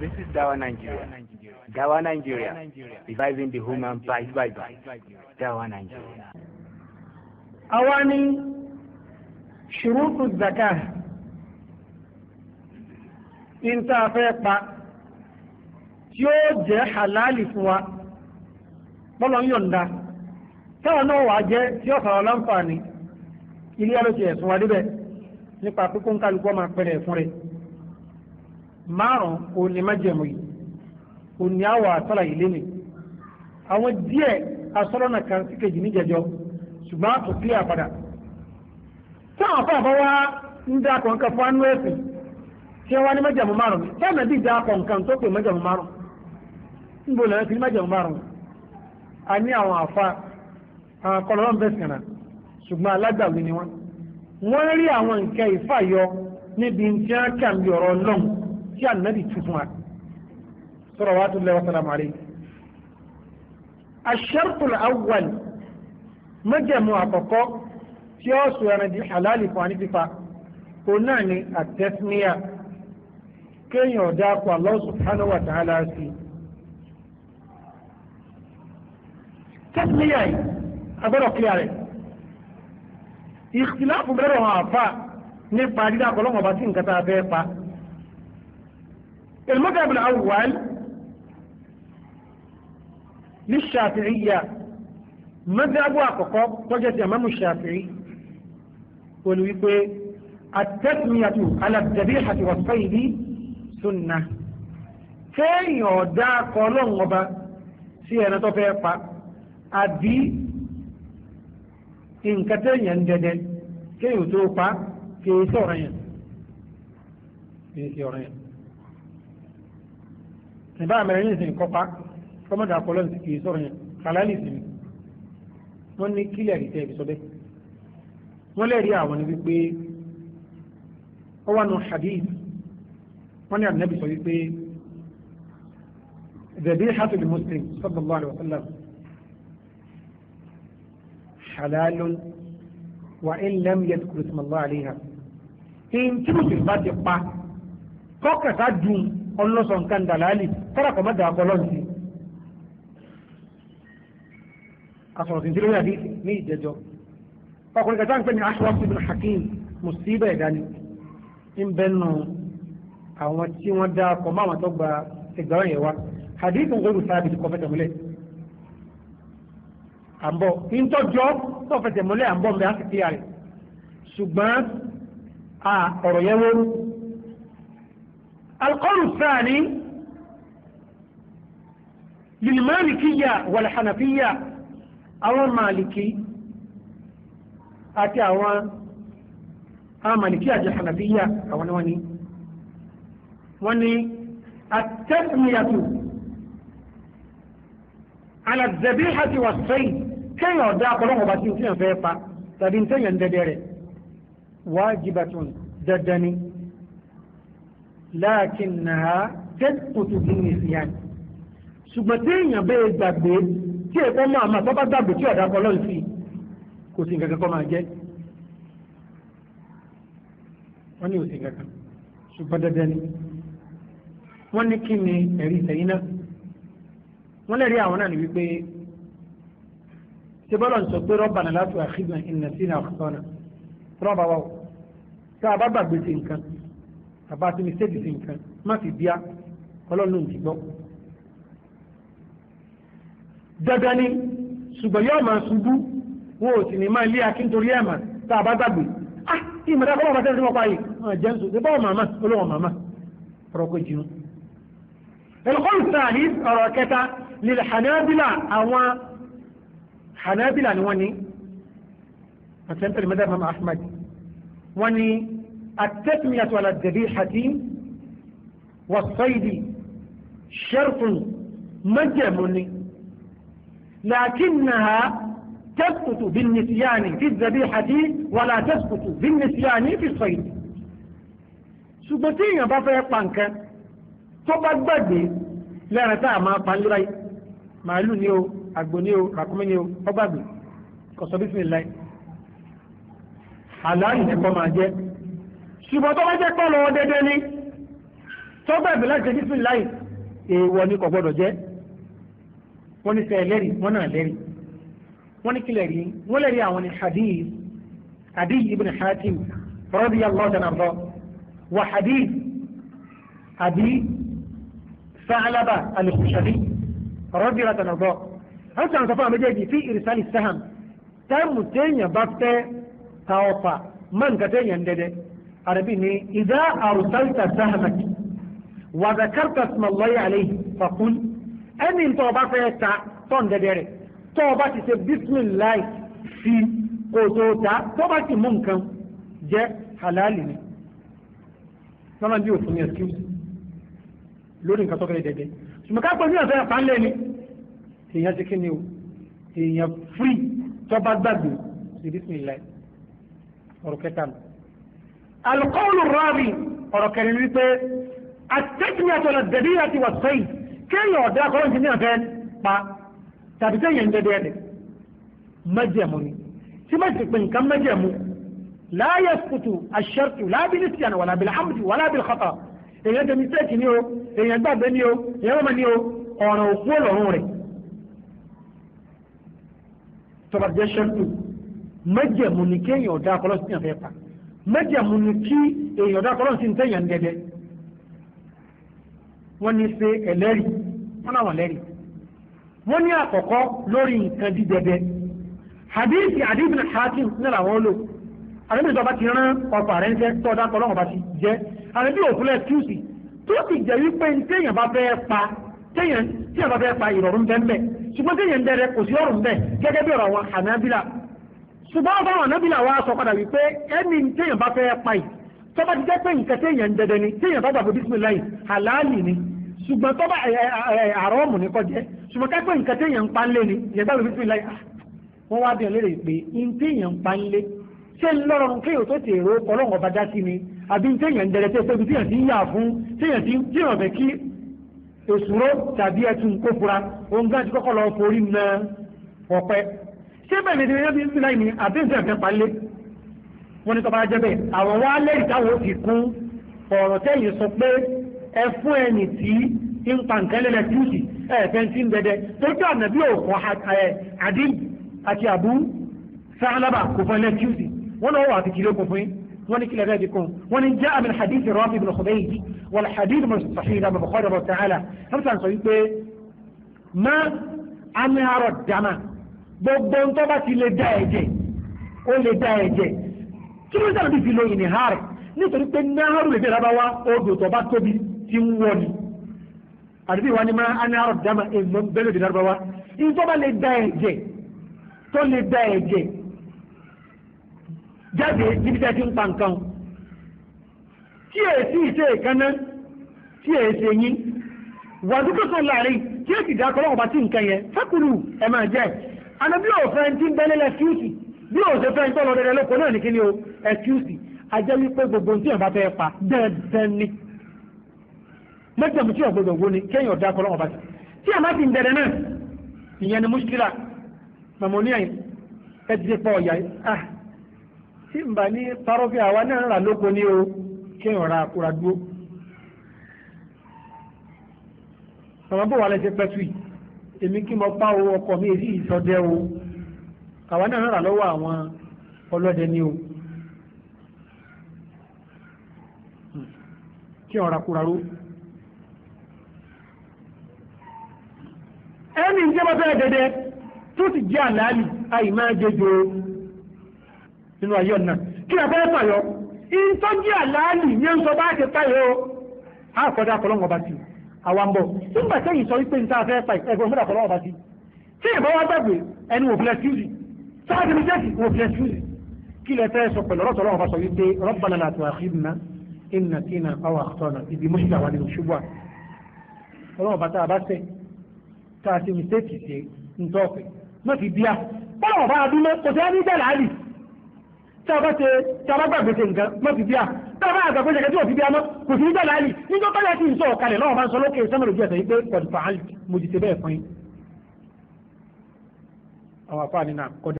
This is Dawa Nigeria. Dawa Nigeria. Reviving the human bite by bite. Dawa Nigeria. Awani, ni ṣùrùkù zaka ìta fẹ́ pa tí ó jẹ́ halali fún wa bọ́lọ̀ ń yọ̀ǹda táwọn náà wàá jẹ́ tí ó sọ̀rọ̀ láǹfààní ilé ẹlòtì ẹ̀sùn wa débẹ̀ nípa pípọ́n kálukú ọmọ apẹ̀rẹ̀ fún rẹ̀. márùn òní májẹ̀mú yìí òní àwọ̀ àtàlà yìí lẹ́nu àwọn díẹ̀ kan sí kejì níjẹ̀jọ́ ṣùgbọ́n àtò sí àpadà afọ àbọ̀ ń dá kọ̀ọ̀kan fún anú ẹ̀sìn tí wọ́n ní májẹ̀mú márùn sẹ́ẹ̀nà bí dá kọ̀ọ̀kan tó pè májẹ̀mú márùn ń bò lẹ́yìn sí márùn a ní àwọn àwọn bẹ́ẹ̀ ṣùgbọ́n alágbàwí ni wọ́n wọ́n rí àwọn nǹkan níbi tí ànábì tuntun wa salawatullahi wa salamu alayhi. ash-shartul awwal mẹ́jẹ̀mú àkọ́kọ́ tí ó sọ ẹran di halali fún anífífa òun náà ni àtẹ́síníyà kéèyàn ọ̀dà kó Allah subhanahu wa ta'ala sí i. tẹ́síníyà yìí agbọ́dọ̀ kílíà rẹ̀ ìkìlá fún bẹ́rẹ̀ wọn àfa nípa dídá kọlọ́mọba tí nǹkan tá a fẹ́ pa. المذهب الأول للشافعية مذهب أقوى وجد أمام الشافعي والويكوي التسمية على الذبيحة والصيد سنة kéèyàn dá akọ ọlọ́run ọba sí ẹran tó fẹ́ pa àbí nǹkan téèyàn ń dẹdẹ kéèyàn tó pa kéèyàn sọ̀rọ̀ yẹn kéèyàn sọ̀rọ̀ yẹn ìbá àmẹ́rẹ́ ní ìsìn kọ́pá kọ́mọ́dà kọ́lọ́ ní kì í sọ̀rọ̀ yẹn kàlálì sí ni wọ́n ní kílẹ̀ rí tẹ́ ibi sọ bẹ́ẹ̀ wọ́n lẹ́rìí àwọn ni wípé ọwọ́ nu hadith wọ́n ní ànábì sọ wípé dẹ̀bí hàtùlì muslim sallallahu alaihi wa sallam halalun wa in lam yadhkur ismallah alaiha in tí mo sì bá ti pa kọ́kàtà dùn ọlọ́sọ̀ nǹkan dàlálì kọ́ra kọ́ má dà kọ́ lọ́n sí. asọ̀rọ̀ tí n tẹ́lẹ̀ ní ní ìjẹjọ́ ọkùnrin kẹta ń pè ní Ashraf ibn Hakim musiba ìdání ń bẹ́ nù àwọn tí wọ́n dá kọ́ má wọn tó gba ìgbàwọ̀n yẹn wa hadith ń gbọ́dọ̀ sábì kọ́ fẹ́ tẹ̀mọ́lẹ̀ àbọ̀ ìtọ́jọ́ tó fẹ́ tẹ̀mọ́lẹ̀ àbọ̀ mẹ́ àti kíyà ṣùgbọ́n ọ̀rọ̀ yẹn wọ́n القول الثاني للمالكية والحنفية أو مالكي أتي أو مالكية الحنفية أو نواني واني التسمية على الذبيحة والصيد كي يودع قلوه باتين فيها فيها تابين تين دبيري واجبة ددني láàkínnáà tẹ́tùtù bí nìyàn ṣùgbọ́n tí èèyàn bẹ́ẹ̀ gbàgbé tí èkó máa máa tọ́ bá gbàgbé tí ọ̀dà kọ́ lọ́ọ̀sì kò sí nǹkan kan kọ́ máa jẹ́ wọ́n ní òsì nǹkan kan ṣùgbọ́n dandan ni wọ́n ní kí ni ẹ̀rí ìsẹ̀yìn náà wọ́n lẹ́rí àwọn náà ní wípé ṣé bọ́lá ń sọ pé rọ́bà náà láti àkíyàn ìnà sí ìnà àkọ́tọ́ náà rọ́bà wa tá a bá gbàgbé sí bàbá tí mi ṣèdì sí nǹkan má fi bíá ọlọ́run ti gbọ́. dandan ni ṣùgbọ́n yóò máa ṣubú wọn ò sì ní máa lé akin torí ẹ̀ mà tá a bá gbàgbé ah kí ìmọ̀dá kọ́ bàbá tẹ́lẹ̀ sí wọn pa yìí wọn ah, jẹ́ nsọ ṣe báwọn màmá olóhùn màmá ọ̀rọ̀ kò jìnnú. ẹ̀lọ́kọ́lù sáàlì ọ̀rọ̀ kẹta lil hanabila àwọn hanabila ni wọ́n ní àti ẹ̀ńtẹ̀lẹ̀ التسمية على الذبيحة والصيد شرط مجرم لكنها تسقط بالنسيان في الذبيحة ولا تسقط بالنسيان في الصيد سبتين بابا يطانك تبقى بدي لا نتاع ما بانلوي ما لونيو أقبنيو ركمنيو أبابي قصة بسم الله على إنكم أجل ṣùgbọ́n tó bá jẹ́ pé lọ́wọ́ dédé ni tó bẹ̀rẹ̀ láti ṣe bísí láì èèwọ̀ ni kò gbọ́dọ̀ jẹ́ wọ́n ní sẹ́ẹ̀ lẹ́rìí wọ́n náà lẹ́rìí wọ́n ní kílẹ̀ rí wọ́n lẹ́rìí àwọn ní hadith hadith ibn hatim radiyallahu anhu wa hadith abi sa'laba al-khushani radiyallahu anhu wọ́n sàn sọ fún àwọn méjèèjì fi irisali saham táìmù téèyàn bá fẹ́ ta ọ̀fà mọ́ nǹkan téèyàn dẹ́dẹ́ àrẹ́bí ni ìdá àrùsáìtà sáhàmàkì wàdàkàtà sùmọ̀lọ́yà àlẹ́ fàkún ẹni tó o bá fẹ́ ta tọ́n dẹ́dẹ́ rẹ̀ tó o bá ti ṣe bísímìláì fi kò tó o ta tó o bá ti mú nǹkan jẹ́ halali ni lọ́nà bí òfin ni ẹ̀sìn lórí nǹkan tó fẹ́ dẹ́dẹ́ ṣùgbọ́n ká pé ní ọ̀fẹ́ àpánlẹ̀ ni èèyàn ti kí ni o èèyàn fúri tó bá gbàgbé ṣe bísímìláì ọ̀rọ̀ kẹta nù alukọ́ọ̀lù rọ́ọ̀bì ọ̀rọ̀ kẹrin wípé atẹ́kùnrin àtọ̀nà dẹ̀bí àti wàsẹ́yìn kéèyàn ọ̀dà akọ́rọ̀ ti ní àfẹ́ pa tàbí sẹ́yìn ń dẹ́dẹ́ ẹ̀dẹ̀ mẹ́jẹ̀mú ni tí má ti pè nǹkan mẹ́jẹ̀mú láyé kutu aṣẹ́tù lábílí tíyàn wàlá bìlá hàmùtì wàlá bìlá kọ́tà èèyàn dẹ̀ mistake ni o èèyàn gbàgbé ni o èèyàn mọ̀ ni o ọ̀ràn òkú ọlọ́run rẹ̀ tọ́bàjẹ́ ṣẹ́tù mẹ́jẹ̀mú ni kéèyàn ọ̀dà akọ́rọ̀ ní àfẹ́ pa mẹ́jẹ̀mú ni kí èèyàn dá tọ́lọ́sí ń tẹ̀yàn dẹ́dẹ́ wọ́n ní ṣe ẹlẹ́rìí wọ́n náà wọ́n lẹ́rìí wọ́n ní àkọ́kọ́ lórí nǹkan dídẹ́dẹ́ hadithi hadithi na hakim nílà wọ́n lò àdébí ìjọba ti rán ọkọ̀ àrẹ́ ńṣẹ́ tó dá tọ́lọ́wọ́n bá ti jẹ́ àdébí òfúlẹ̀ tíùsì tó sì jẹ́ wípé téèyàn bá fẹ́ pa téèyàn bá fẹ́ pa ìrọ̀rùn bẹ́ẹ̀ bẹ́ẹ̀ ṣùgbọ́n téèyàn dẹ́rẹ́ kò sí ọ̀rùn bẹ́ẹ̀ gẹ́gẹ́ bí ọ̀rọ̀ àwọn Hanabila ṣùgbọ́n ọba àwọn anábìlà wa sọ padà wípé ẹni téèyàn bá fẹ́ pa yìí tó bá ti jẹ́ pé nǹkan téèyàn ń dẹdẹ ni téèyàn bá gbàgbọ́ bísímìlá yìí àlàálì ni ṣùgbọ́n tó bá àrọ́ọ̀mù ní kọjẹ́ ṣùgbọ́n ká pé nǹkan téèyàn ń pa ń lé ni yẹn gbàgbọ́ bísímìlá yìí ah, wọ́n wá bíọ̀ lérè pé n téèyàn ń pa ń lé ṣé ń lọ́rọ̀rùn kéèyàn tó ti èrò ọlọ́run ọba dá sí ni àbí téèyàn ń dẹrẹ ṣé bẹ́ẹ̀ ni ẹni bí ń sinmi ní àbíǹsẹ̀ fẹ́ palẹ̀ wọn ni tọ́ba jẹ́ bẹ́ẹ̀ àwọn wa lẹ́yìn táwọn fi kún ọ̀rọ̀ tẹ́yìn sọ pé ẹ fún ẹni tí ń pa nǹkan lẹ́lẹ̀ túùsì ẹ fẹ́ ti ń dẹdẹ tójú ànàbí òkò àdín àti àbú sáhálábà kò fún ẹlẹ́ túùsì wọn náà wà á fi kìlẹ̀ kò fún yín وني كلا ذلك وني جاء من حديث رافي بن خديج والحديث من صحيح لما بخاري الله تعالى مثلا سيقول ما أنهر الدم gbogbo ń tọ́ba ti lè da ẹ̀jẹ̀ ó lè da ẹ̀jẹ̀ kí ló ń sábà fi lo ìnìhàr nítorí pé náhàrù lè fi rábá wá odò tó tóbi ti ń wọ ni àdúgbò wa ni máa anáhàrù dama èèmọ bẹ́lẹ̀ òdì rábá wá ìtọ́ba lè da ẹ̀jẹ̀ tó lè da ẹ̀jẹ̀ jáde níbi tẹ́ ti ń pa nǹkan tí èsì ìṣe ìkànnà tí èsì yín wàdúgbò sọ láàrin tí èsì ìdákọ̀ ọlọ́wọ́ bá ti nǹkan yẹn fẹ́kùrù ẹ̀ máa jẹ́ ẹ̀ anabi ò fẹ́ tí ń bẹ́lẹ́ lẹ́kíùsì bí ò ṣe fẹ́ tó lọ rẹ̀ lóko náà ní kí o ẹ̀kíùsì ajẹ́ wípé gbogbo tí yẹn bá fẹ́ pa dandan ni mẹ́tẹ̀mú tí yẹn gbọdọ̀ wo ni kéèyàn ọ̀dà kọ́ lọ́wọ́ bá ti tí yẹn bá ti ń dẹ̀dẹ̀ náà ìyẹn ni mùsùlùmí màmú ní àyìn ẹ ti pọ̀ ọ̀yà ah tí n bá ní parọ́fì àwa náà rà lóko ni o kéèyàn ra àkúrà dúró màmá bò wà lẹ́sẹ̀ pẹ́ tù yìí èmi kí mo pa owó ọkọ mi èyí ìsọdẹ o àwa náà rà lọ́wọ́ àwọn ọlọ́dẹ ni o kí ọ̀rà kúra ró. ẹni ń jẹ́bọ́ fẹ́ẹ́ dẹ́dẹ́ tó ti jẹ́ àlàálì àyè máa jẹjọ nínú ayé ọ̀nà kí ni abẹ́rẹ́ pààyọ́ ìtọ́jú àlàálì ní ń sọ bá ti pààyọ́ àkọ́dá kọlọ́ngọba sí i àwàmbọ̀ tí nígbà tẹ́yìn sọ wípé níta fẹ́ pa ẹgbẹ́ mẹ́ta fọlọ́ ọba sí tí ìbọn wá gbàgbé ẹni wò fílẹ̀ síwìsì sáàtì mi jẹ́sì wò fílẹ̀ síwìsì kí lẹ fẹ́ sọ pẹ̀lú ọ̀rọ̀ ọba sọ wípé rabbana la tu'akhidhna in nasina aw akhta'na ibi mọ́ṣíkà wà nínú ṣubú à ọlọ́run ọba tá a bá tẹ̀ tá a ti mi tẹ́tì ṣe ń tọ́ ọ̀fẹ́ mọ́ ti bíyà bọ́lá ọba kò tí a bá ṣe tí a bá gbàgbé ṣe nǹkan mọ́ ti bíà tí a bá àgbàgbé ṣe kẹ́tí ò ti bíà mọ́ kò sí nígbà láàlì níjọ́ tọ́lá ti ń sọ ọ̀kalẹ̀ lọ́wọ́ bá ń sọ lókè sẹ́mẹ̀lì ojú ẹ̀sẹ̀ yìí pé kọ̀dùfà mo ti ṣe bẹ́ẹ̀ fún yín. àwọn afáàní náà kọ́